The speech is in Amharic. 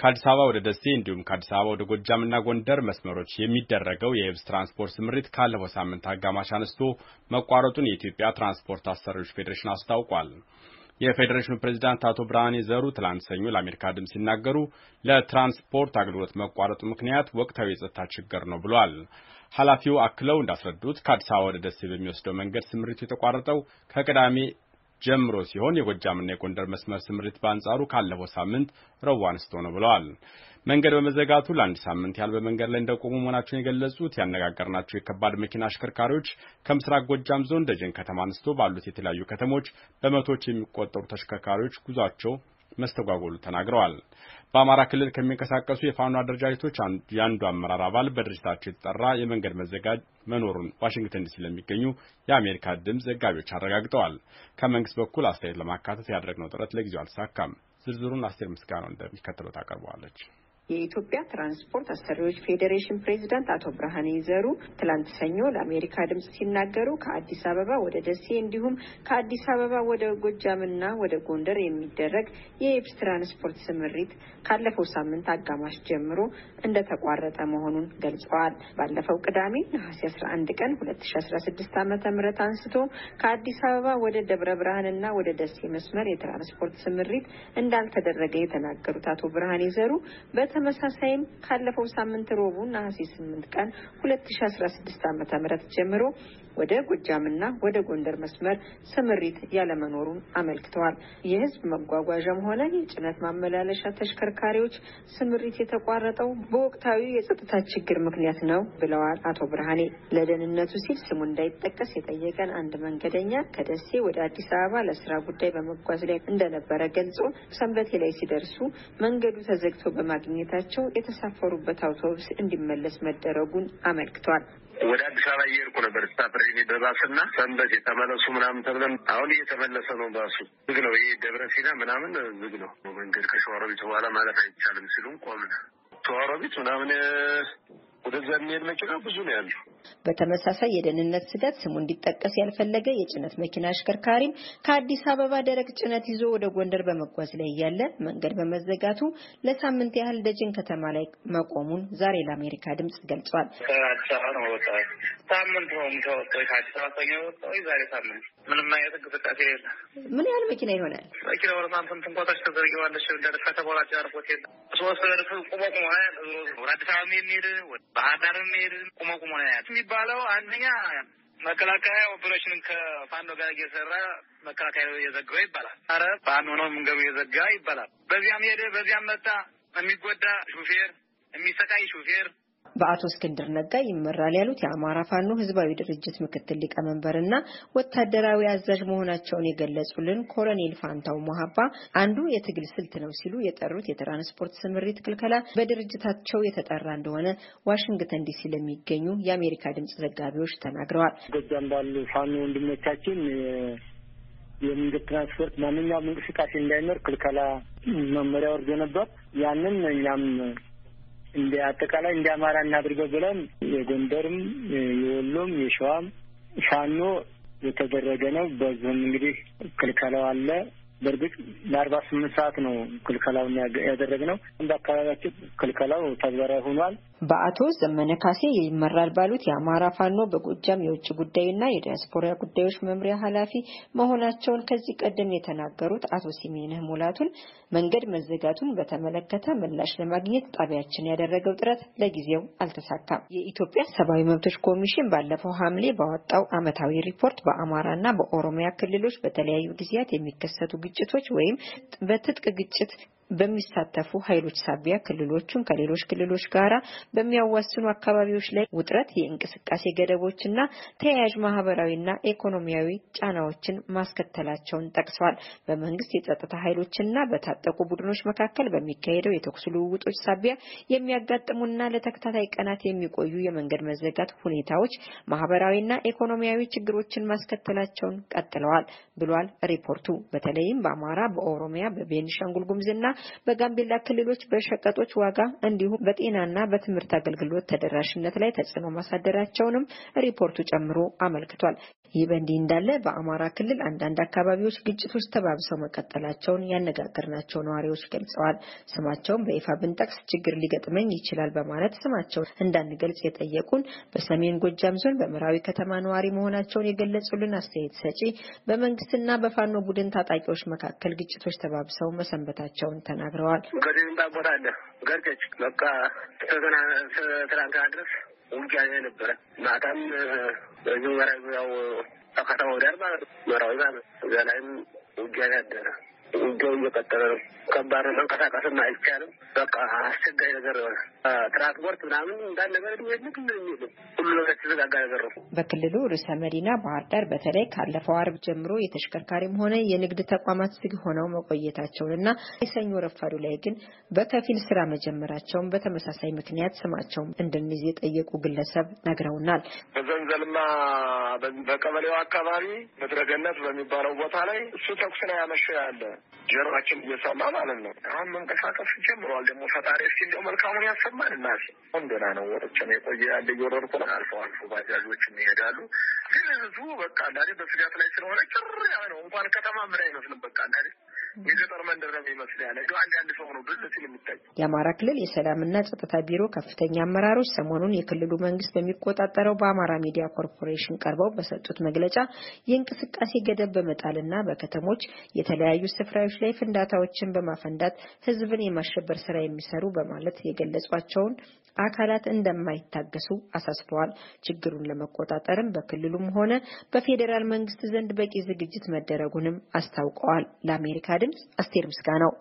ከአዲስ አበባ ወደ ደሴ እንዲሁም ከአዲስ አበባ ወደ ጎጃምና ጎንደር መስመሮች የሚደረገው የህብስ ትራንስፖርት ስምሪት ካለፈው ሳምንት አጋማሽ አነስቶ መቋረጡን የኢትዮጵያ ትራንስፖርት አሰሪዎች ፌዴሬሽን አስታውቋል። የፌዴሬሽኑ ፕሬዚዳንት አቶ ብርሃኔ ዘሩ ትላንት ሰኞ ለአሜሪካ ድምፅ ሲናገሩ ለትራንስፖርት አገልግሎት መቋረጡ ምክንያት ወቅታዊ የጸጥታ ችግር ነው ብሏል። ኃላፊው አክለው እንዳስረዱት ከአዲስ አበባ ወደ ደሴ በሚወስደው መንገድ ስምሪቱ የተቋረጠው ከቅዳሜ ጀምሮ ሲሆን የጎጃምና የጎንደር መስመር ስምሪት በአንጻሩ ካለፈው ሳምንት ረቡዕ አንስቶ ነው ብለዋል። መንገድ በመዘጋቱ ለአንድ ሳምንት ያህል በመንገድ ላይ እንደቆሙ መሆናቸውን የገለጹት ያነጋገርናቸው የከባድ መኪና አሽከርካሪዎች ከምስራቅ ጎጃም ዞን ደጀን ከተማ አንስቶ ባሉት የተለያዩ ከተሞች በመቶዎች የሚቆጠሩ ተሽከርካሪዎች ጉዟቸው መስተጓጎሉ ተናግረዋል። በአማራ ክልል ከሚንቀሳቀሱ የፋኖ አደረጃጀቶች የአንዱ አመራር አባል በድርጅታቸው የተጠራ የመንገድ መዘጋጅ መኖሩን ዋሽንግተን ዲሲ ለሚገኙ የአሜሪካ ድምፅ ዘጋቢዎች አረጋግጠዋል። ከመንግስት በኩል አስተያየት ለማካተት ያደረግነው ጥረት ለጊዜው አልተሳካም። ዝርዝሩን አስቴር ምስጋናው እንደሚከተለው ታቀርበዋለች። የኢትዮጵያ ትራንስፖርት አሰሪዎች ፌዴሬሽን ፕሬዚዳንት አቶ ብርሃኔ ይዘሩ ትላንት ሰኞ ለአሜሪካ ድምጽ ሲናገሩ ከአዲስ አበባ ወደ ደሴ እንዲሁም ከአዲስ አበባ ወደ ጎጃምና ወደ ጎንደር የሚደረግ የኤፕስ ትራንስፖርት ስምሪት ካለፈው ሳምንት አጋማሽ ጀምሮ እንደተቋረጠ መሆኑን ገልጸዋል። ባለፈው ቅዳሜ ነሐሴ 11 ቀን 2016 ዓ ም አንስቶ ከአዲስ አበባ ወደ ደብረ ብርሃንና ወደ ደሴ መስመር የትራንስፖርት ስምሪት እንዳልተደረገ የተናገሩት አቶ ብርሃኔ ይዘሩ በተመሳሳይም ካለፈው ሳምንት ሮቡ ነሐሴ 8 ቀን 2016 ዓ.ም ጀምሮ ወደ ጎጃምና ወደ ጎንደር መስመር ስምሪት ያለመኖሩን አመልክተዋል። የህዝብ መጓጓዣም ሆነ የጭነት ማመላለሻ ተሽከርካሪዎች ስምሪት የተቋረጠው በወቅታዊ የጸጥታ ችግር ምክንያት ነው ብለዋል አቶ ብርሃኔ። ለደህንነቱ ሲል ስሙ እንዳይጠቀስ የጠየቀን አንድ መንገደኛ ከደሴ ወደ አዲስ አበባ ለስራ ጉዳይ በመጓዝ ላይ እንደነበረ ገልጾ ሰንበቴ ላይ ሲደርሱ መንገዱ ተዘግቶ በማግኘታቸው የተሳፈሩበት አውቶቡስ እንዲመለስ መደረጉን አመልክቷል። ወደ አዲስ አበባ እየሄድኩ ነበር ስታፍሬ በባስና ሰንበት የተመለሱ ምናምን ተብለን አሁን እየተመለሰ ነው። ባሱ ዝግ ነው። ይሄ ደብረ ሲና ምናምን ዝግ ነው መንገድ ከሸዋሮቢት በኋላ ማለት አይቻልም ሲሉም ቆምን። ሸዋሮቢት ምናምን ወደዚያ የሚሄድ መኪና ብዙ ነው ያሉ። በተመሳሳይ የደህንነት ስጋት ስሙ እንዲጠቀስ ያልፈለገ የጭነት መኪና አሽከርካሪም ከአዲስ አበባ ደረቅ ጭነት ይዞ ወደ ጎንደር በመጓዝ ላይ እያለ መንገድ በመዘጋቱ ለሳምንት ያህል ደጀን ከተማ ላይ መቆሙን ዛሬ ለአሜሪካ ድምጽ ገልጿል። ሳምንት ሆኑ ከወጣሁ ከአዲስ አበባ ሰኞ ወጣሁ። ዛሬ ሳምንት ምንም አይነት እንቅስቃሴ የለም። ምን ያህል መኪና ይሆናል? መኪና ወደ ሳምንት ተዘርጊዋለች ተሽከዘርጊዋለች እንዳለ ከተቦላጭ አርቦት የለም ሶስት እርፍ ቁሞ ቁሞ ወደ አዲስ አበባ የሚሄድ ባህር ዳር የሚሄድ ቁመ ቁሞ ነው የሚባለው። አንደኛ መከላከያ ኦፕሬሽን ከፋኖ ጋር እየሰራ መከላከያ የዘጋው ይባላል። አረ ፋኖ ነው መንገዱ የዘጋ ይባላል። በዚያም ሄደ በዚያም መጣ የሚጎዳ ሹፌር የሚሰቃይ ሹፌር በአቶ እስክንድር ነጋ ይመራል ያሉት የአማራ ፋኖ ህዝባዊ ድርጅት ምክትል ሊቀመንበርና ወታደራዊ አዛዥ መሆናቸውን የገለጹልን ኮሎኔል ፋንታው ሞሀባ አንዱ የትግል ስልት ነው ሲሉ የጠሩት የትራንስፖርት ስምሪት ክልከላ በድርጅታቸው የተጠራ እንደሆነ ዋሽንግተን ዲሲ ለሚገኙ የአሜሪካ ድምጽ ዘጋቢዎች ተናግረዋል። ጎጃም ባሉ ፋኖ ወንድሞቻችን የመንገድ ትራንስፖርት ማንኛውም እንቅስቃሴ እንዳይኖር ክልከላ መመሪያ ወርዶ ነበር። ያንን እኛም እንደ አጠቃላይ እንደ አማራ እናድርገው ብለን የጎንደርም የወሎም የሸዋም ሻኖ የተደረገ ነው። በዚህም እንግዲህ ክልከላው አለ። በእርግጥ ለአርባ ስምንት ሰዓት ነው ክልከላውን ነው። እንደ አካባቢያችን ክልከላው ተግባራዊ ሆኗል። በአቶ ዘመነ ካሴ ይመራል ባሉት የአማራ ፋኖ በጎጃም የውጭ ጉዳይና የዲያስፖራ ጉዳዮች መምሪያ ኃላፊ መሆናቸውን ከዚህ ቀደም የተናገሩት አቶ ሲሜነህ ሙላቱን መንገድ መዘጋቱን በተመለከተ ምላሽ ለማግኘት ጣቢያችን ያደረገው ጥረት ለጊዜው አልተሳካም። የኢትዮጵያ ሰብአዊ መብቶች ኮሚሽን ባለፈው ሐምሌ ባወጣው ዓመታዊ ሪፖርት በአማራና በኦሮሚያ ክልሎች በተለያዩ ጊዜያት የሚከሰቱ ግጭቶች ወይም በትጥቅ ግጭት በሚሳተፉ ኃይሎች ሳቢያ ክልሎቹን ከሌሎች ክልሎች ጋር በሚያዋስኑ አካባቢዎች ላይ ውጥረት፣ የእንቅስቃሴ ገደቦችና ተያያዥ ማህበራዊና ኢኮኖሚያዊ ጫናዎችን ማስከተላቸውን ጠቅሰዋል። በመንግስት የጸጥታ ኃይሎችና በታጠቁ ቡድኖች መካከል በሚካሄደው የተኩስ ልውውጦች ሳቢያ የሚያጋጥሙና ለተከታታይ ቀናት የሚቆዩ የመንገድ መዘጋት ሁኔታዎች ማህበራዊና ኢኮኖሚያዊ ችግሮችን ማስከተላቸውን ቀጥለዋል ብሏል ሪፖርቱ። በተለይም በአማራ፣ በኦሮሚያ፣ በቤንሻንጉል ጉምዝና በጋምቤላ ክልሎች በሸቀጦች ዋጋ እንዲሁም በጤናና በትምህርት አገልግሎት ተደራሽነት ላይ ተጽዕኖ ማሳደራቸውንም ሪፖርቱ ጨምሮ አመልክቷል። ይህ በእንዲህ እንዳለ በአማራ ክልል አንዳንድ አካባቢዎች ግጭቶች ተባብሰው መቀጠላቸውን ያነጋገርናቸው ነዋሪዎች ገልጸዋል። ስማቸውን በይፋ ብንጠቅስ ችግር ሊገጥመኝ ይችላል በማለት ስማቸውን እንዳንገልጽ የጠየቁን በሰሜን ጎጃም ዞን በምዕራዊ ከተማ ነዋሪ መሆናቸውን የገለጹልን አስተያየት ሰጪ በመንግስትና በፋኖ ቡድን ታጣቂዎች መካከል ግጭቶች ተባብሰው መሰንበታቸውን ተናግረዋል። ውጊያ ነበረ። ማታም በዚ መራ ያው ከከተማ ወዳር ማለት መራዊ ማለት እዛ ላይም ውጊያ ያደረ ውጊያው እየቀጠለ ነው። ከባድ መንቀሳቀስም አይቻልም። በቃ አስቸጋሪ ነገር ሆነ። ትራንስፖርት ምናምን እንዳል ነገር ሁሉ ነገር ተዘጋጋ ነገር ነው። በክልሉ ርዕሰ መዲና ባህር ዳር በተለይ ካለፈው አርብ ጀምሮ የተሽከርካሪም ሆነ የንግድ ተቋማት ዝግ ሆነው መቆየታቸውን እና የሰኞ ረፋዱ ላይ ግን በከፊል ስራ መጀመራቸውን በተመሳሳይ ምክንያት ስማቸውም እንድንይዝ የጠየቁ ግለሰብ ነግረውናል። በዘንዘልማ በቀበሌው አካባቢ ምድረገነት በሚባለው ቦታ ላይ እሱ ተኩስ ነው ያመሸ ያለ ጀሯችን እየሰማ ማለት ነው። አሁን መንቀሳቀስ ጀምረዋል። ደግሞ ፈጣሪ እስኪ እንደው መልካሙን ያሰማን። እና አሁን ደህና ነው። ወጥቼም የቆየ ያለ እየወረድኩ ነው። አልፎ አልፎ ባጃጆችም ይሄዳሉ። ግን ህዝቡ በቃ አንዳንዴ በስጋት ላይ ስለሆነ ጭር ያ ነው። እንኳን ከተማ ምን አይመስልም። በቃ አንዳንዴ የገጠር መንደር ነው የሚመስል ያለ አንዳንድ ሰው ነው ብልት የሚታይ። የአማራ ክልል የሰላምና ጸጥታ ቢሮ ከፍተኛ አመራሮች ሰሞኑን የክልሉ መንግስት በሚቆጣጠረው በአማራ ሚዲያ ኮርፖሬሽን ቀርበው በሰጡት መግለጫ የእንቅስቃሴ ገደብ በመጣልና በከተሞች የተለያዩ ስፍራዎች ላይ ፍንዳታዎችን በማፈንዳት ህዝብን የማሸበር ስራ የሚሰሩ በማለት የገለጿቸውን አካላት እንደማይታገሱ አሳስበዋል። ችግሩን ለመቆጣጠርም በክልሉም ሆነ በፌዴራል መንግስት ዘንድ በቂ ዝግጅት መደረጉንም አስታውቀዋል። ለአሜሪካ ድምፅ አስቴር ምስጋ ነው